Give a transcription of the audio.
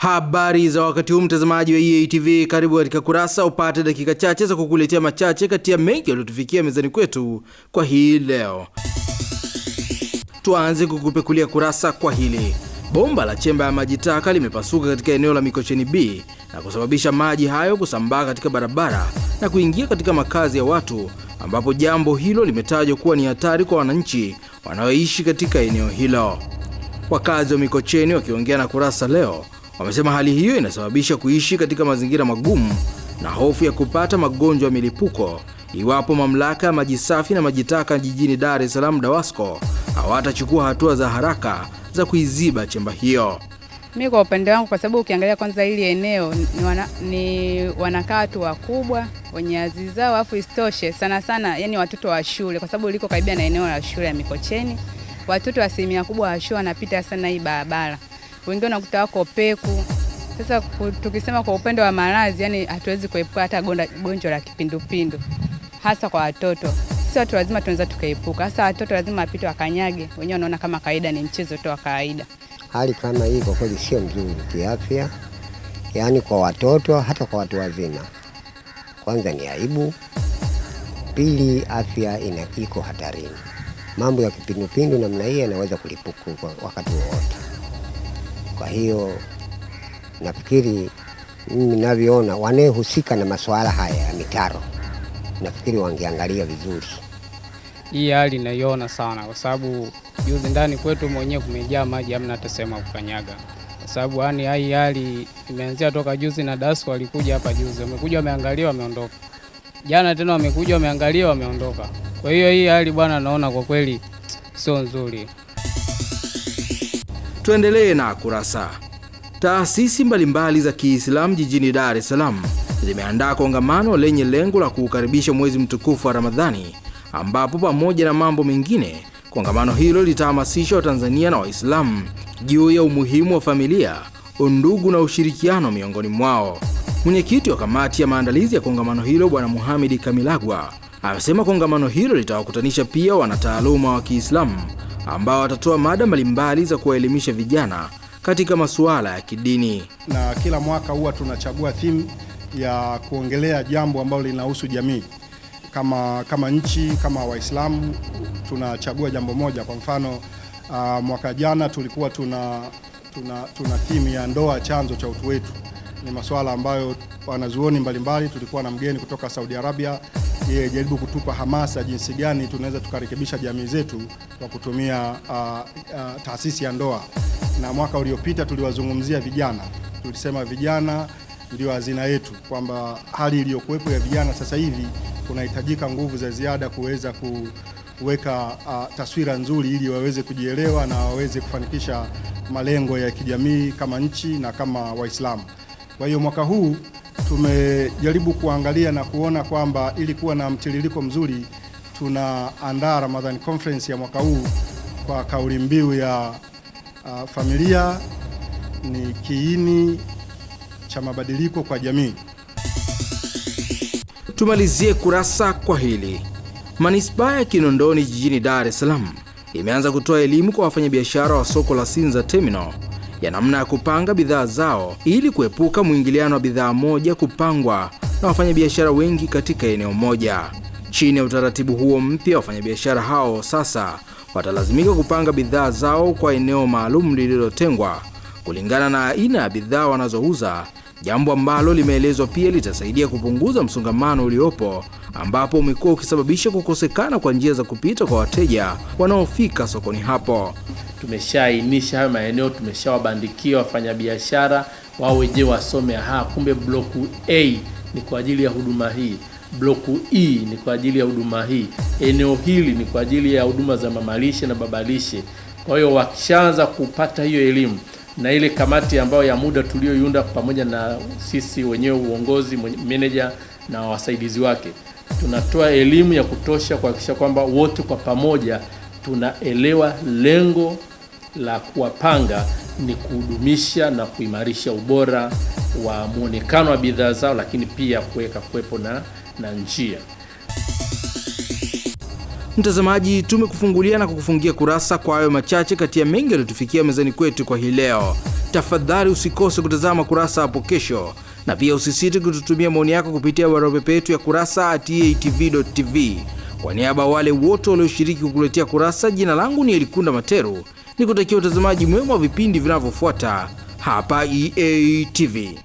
Habari za wakati huu mtazamaji wa eatv karibu katika Kurasa upate dakika chache za kukuletea machache kati ya mengi yaliyotufikia mezani kwetu kwa hii leo. Tuanze kukupekulia kurasa kwa hili. Bomba la chemba ya maji taka limepasuka katika eneo la Mikocheni B na kusababisha maji hayo kusambaa katika barabara na kuingia katika makazi ya watu, ambapo jambo hilo limetajwa kuwa ni hatari kwa wananchi wanaoishi katika eneo hilo. Wakazi wa Mikocheni wakiongea na Kurasa leo Wamesema hali hiyo inasababisha kuishi katika mazingira magumu na hofu ya kupata magonjwa ya milipuko iwapo mamlaka ya maji safi na maji taka jijini Dar es Salaam DAWASCO hawatachukua hatua za haraka za kuiziba chemba hiyo. Mi kwa upande wangu, kwa sababu ukiangalia kwanza hili eneo ni, wana, ni wanakaa watu wakubwa wenye azizi zao, alafu isitoshe sana sana, yani watoto wa shule, kwa sababu liko karibia na eneo la shule ya Mikocheni. Watoto asilimia kubwa wa shule wanapita sana hii barabara wengine wanakuta wako peku. Sasa tukisema kwa upendo wa maradhi, yani hatuwezi kuepuka hata gonjwa la kipindupindu, hasa kwa watoto. Si watu wazima tunaweza tukaepuka, hasa watoto lazima wapite wakanyage. Wenyewe wanaona kama kawaida, ni mchezo tu wa kawaida. Hali kama hii kwa kweli sio mzuri kiafya, yaani kwa watoto, hata kwa watu wazima. Kwanza ni aibu, pili afya ina iko hatarini. Mambo ya kipindupindu namna hii yanaweza kulipuka wakati wowote. Kwa hiyo nafikiri mimi navyoona, wanayehusika na masuala haya ya mitaro nafikiri wangeangalia vizuri hii hali naiona sana, kwa sababu juzi ndani kwetu mwenyewe kumejaa maji, amna hata kukanyaga, kwa sababu yani hai hali imeanzia toka juzi, na dasu walikuja hapa juzi, wamekuja wameangalia, wameondoka. Jana tena wamekuja wameangalia, wameondoka. Kwa hiyo hii hali bwana, naona kwa kweli sio nzuri. Tuendelee na kurasa. Taasisi mbalimbali za Kiislamu jijini Dar es Salaam zimeandaa kongamano lenye lengo la kuukaribisha mwezi mtukufu wa Ramadhani, ambapo pamoja na mambo mengine, kongamano hilo litahamasisha Watanzania na Waislamu juu ya umuhimu wa familia, undugu na ushirikiano miongoni mwao. Mwenyekiti wa kamati ya maandalizi ya kongamano hilo Bwana Muhamedi Kamilagwa amesema kongamano hilo litawakutanisha pia wanataaluma wa Kiislamu ambao watatoa mada mbalimbali za kuwaelimisha vijana katika masuala ya kidini. Na kila mwaka huwa tunachagua theme ya kuongelea jambo ambalo linahusu jamii kama, kama nchi kama Waislamu tunachagua jambo moja. Kwa mfano uh, mwaka jana tulikuwa tuna, tuna, tuna ya ndoa chanzo cha utu wetu ni masuala ambayo wanazuoni mbalimbali, tulikuwa na mgeni kutoka Saudi Arabia, yeye jaribu kutupa hamasa jinsi gani tunaweza tukarekebisha jamii zetu kwa kutumia uh, uh, taasisi ya ndoa. Na mwaka uliopita tuliwazungumzia vijana, tulisema vijana ndio hazina yetu, kwamba hali iliyokuwepo ya vijana sasa hivi kunahitajika nguvu za ziada kuweza ku weka uh, ah, taswira nzuri ili waweze kujielewa na waweze kufanikisha malengo ya kijamii kama nchi na kama Waislamu. Kwa hiyo mwaka huu tumejaribu kuangalia na kuona kwamba ili kuwa na mtiririko mzuri tunaandaa Ramadan Conference ya mwaka huu kwa kauli mbiu ya uh, familia ni kiini cha mabadiliko kwa jamii. Tumalizie kurasa kwa hili. Manispaa ya Kinondoni jijini Dar es Salaam imeanza kutoa elimu kwa wafanyabiashara wa soko la Sinza Terminal ya namna ya kupanga bidhaa zao ili kuepuka mwingiliano wa bidhaa moja kupangwa na wafanyabiashara wengi katika eneo moja. Chini ya utaratibu huo mpya, wafanyabiashara hao sasa watalazimika kupanga bidhaa zao kwa eneo maalum lililotengwa kulingana na aina ya bidhaa wanazouza, jambo ambalo limeelezwa pia litasaidia kupunguza msongamano uliopo ambapo umekuwa ukisababisha kukosekana kwa njia za kupita kwa wateja wanaofika sokoni hapo tumeshaainisha hayo maeneo, tumeshawabandikia wafanyabiashara wao wenyewe wasome, aha, kumbe bloku A ni kwa ajili ya huduma hii, bloku E ni kwa ajili ya huduma hii, eneo hili ni kwa ajili ya huduma za mamalishe na babalishe. Kwa hiyo wakishaanza kupata hiyo elimu na ile kamati ambayo ya muda tulioiunda pamoja na sisi wenyewe uongozi, meneja na wasaidizi wake, tunatoa elimu ya kutosha kuhakikisha kwamba wote kwa pamoja tunaelewa lengo la kuwapanga ni kudumisha na kuimarisha ubora wa muonekano wa bidhaa zao, lakini pia kuweka kuwepo na, na njia. Mtazamaji, tumekufungulia na kukufungia kurasa kwa hayo machache kati ya mengi yaliyotufikia mezani kwetu kwa hii leo. Tafadhali usikose kutazama kurasa hapo kesho, na pia usisite kututumia maoni yako kupitia barua pepe yetu ya kurasa at eatv.tv. Kwa niaba ya wale wote walioshiriki kukuletea Kurasa, jina langu ni Elikunda Materu, kutakia utazamaji mwema wa vipindi vinavyofuata hapa EA TV.